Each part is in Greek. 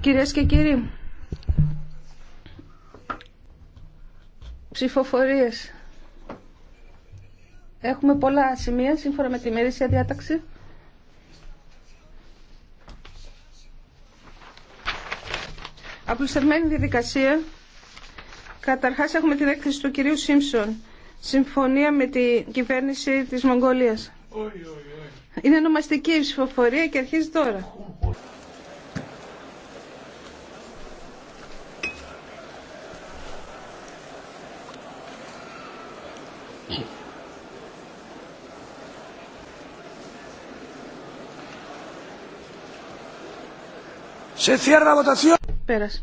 Κυρίες και κύριοι, ψηφοφορίες. Έχουμε πολλά σημεία σύμφωνα με τη μερίσια διάταξη. Απλουστευμένη διαδικασία. Καταρχάς έχουμε την έκθεση του κυρίου Σίμψον. Συμφωνία με την κυβέρνηση της Μογγολίας. Είναι νομαστική η ψηφοφορία και αρχίζει τώρα. Σε Πέρασε.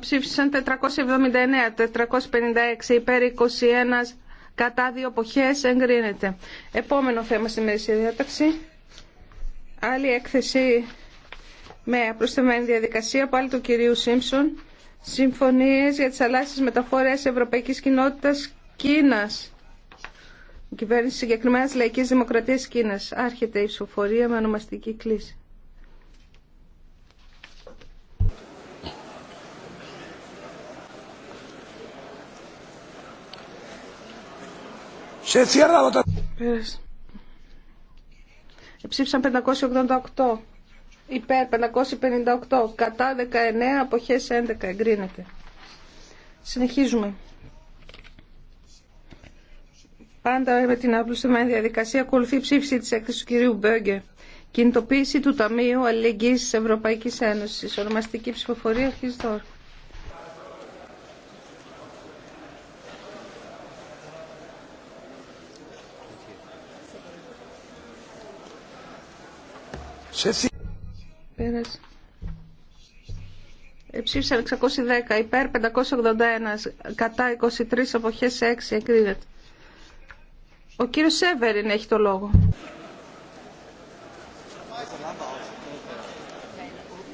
Ψήφισαν 479, 456 υπέρ 21 κατά δύο εποχές εγκρίνεται. Επόμενο θέμα στη μέση διάταξη. Άλλη έκθεση με προσθεμένη διαδικασία πάλι του κυρίου Σίμψον. Συμφωνίες για τις αλλάσεις μεταφορές Ευρωπαϊκής Κοινότητας Κίνας. Η κυβέρνηση συγκεκριμένα Λαϊκής Δημοκρατίας Κίνας. Άρχεται η ψηφοφορία με ονομαστική κλίση. Σε Ψήφισαν 588 υπέρ 558 κατά 19 αποχές 11 εγκρίνεται. Συνεχίζουμε. Πάντα με την απλουστευμένη διαδικασία ακολουθεί η ψήφιση της έκθεσης του κυρίου Μπέγκε. Κινητοποίηση του Ταμείου Αλληλεγγύης της Ευρωπαϊκής Ένωσης. Ονομαστική ψηφοφορία αρχίζει τώρα. Πέρασε. 610 υπέρ, 581 κατά 23 αποχές 6 εκδίδεται. Ο κύριος Σέβεριν έχει το λόγο.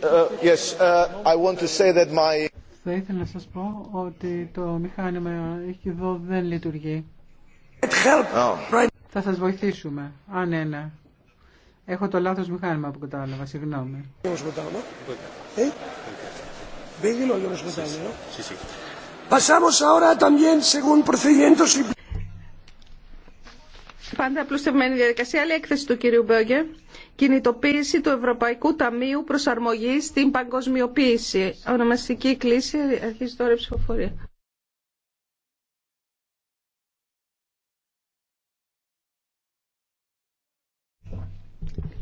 Ε, ε, yes, ε, I want to say that my... Θα ήθελα να σας πω ότι το μηχάνημα έχει εδώ δεν λειτουργεί. Θα σας βοηθήσουμε, αν ένα Έχω το λάθο μηχάνημα που κατάλαβα, συγγνώμη. Πάντα απλουστευμένη διαδικασία, άλλη έκθεση του κυρίου Μπέογκε. Κινητοποίηση του Ευρωπαϊκού Ταμείου προσαρμογή στην Παγκοσμιοποίηση. Ονομαστική κλίση, αρχίζει τώρα η ψηφοφορία.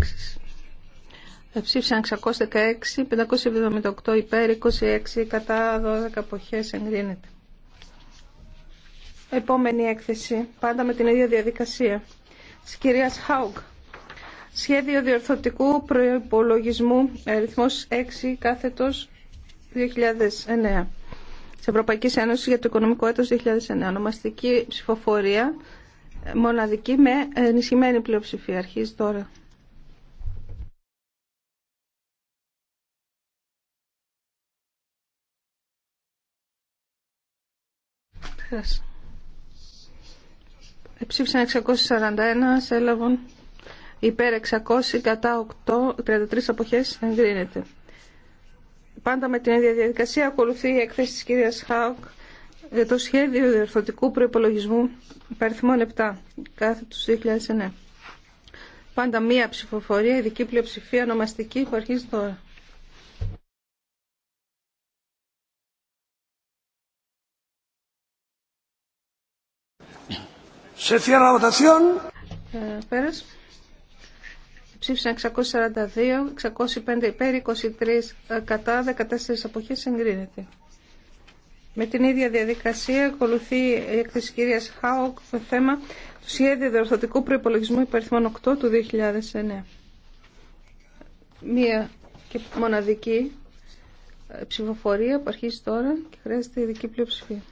διατάξεις. Ψήφισαν 616, 578 υπέρ, 26 κατά, 12 αποχές εγκρίνεται. Επόμενη έκθεση, πάντα με την ίδια διαδικασία, της κυρίας Χάουγκ. Σχέδιο διορθωτικού προϋπολογισμού, αριθμός 6 κάθετος 2009. Της Ευρωπαϊκής Ένωσης για το Οικονομικό Έτος 2009. Ονομαστική ψηφοφορία, μοναδική με ενισχυμένη πλειοψηφία. Αρχίζει τώρα. Εψήφισαν 641, έλαβαν υπέρ 600, κατά 8, 33 αποχές, εγκρίνεται. Πάντα με την ίδια διαδικασία ακολουθεί η έκθεση της κυρίας Χάουκ για το σχέδιο διορθωτικού προϋπολογισμού υπαριθμών 7, κάθε του 2009. Πάντα μία ψηφοφορία, ειδική πλειοψηφία, ονομαστική, που αρχίζει τώρα. Σε cierra la ε, πέρας. Ψήφισαν 642, 605 υπέρ, 23 ε, κατά, 14 αποχές εγκρίνεται. Με την ίδια διαδικασία ακολουθεί η έκθεση κυρία Χάουκ το θέμα του σχέδιου διορθωτικού προπολογισμού υπαριθμών 8 του 2009. Μία και μοναδική ε, ψηφοφορία που αρχίζει τώρα και χρειάζεται ειδική πλειοψηφία.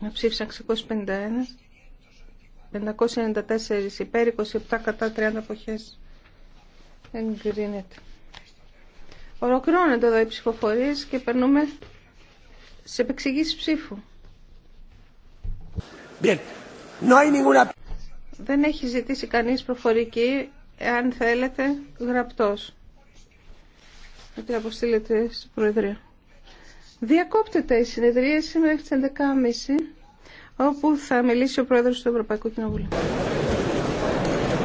να ψήφισαν 651, 594 υπέρ, 27 κατά 30 αποχές. Εγκρίνεται. Ολοκληρώνονται εδώ οι ψηφοφορίες και περνούμε σε επεξηγήσεις ψήφου. Δεν έχει ζητήσει κανείς προφορική, εάν θέλετε, γραπτός. γιατί αποστείλετε στην Προεδρία. Διακόπτεται η συνεδρία σήμερα τις 11.30 όπου θα μιλήσει ο Πρόεδρος του Ευρωπαϊκού Κοινοβουλίου.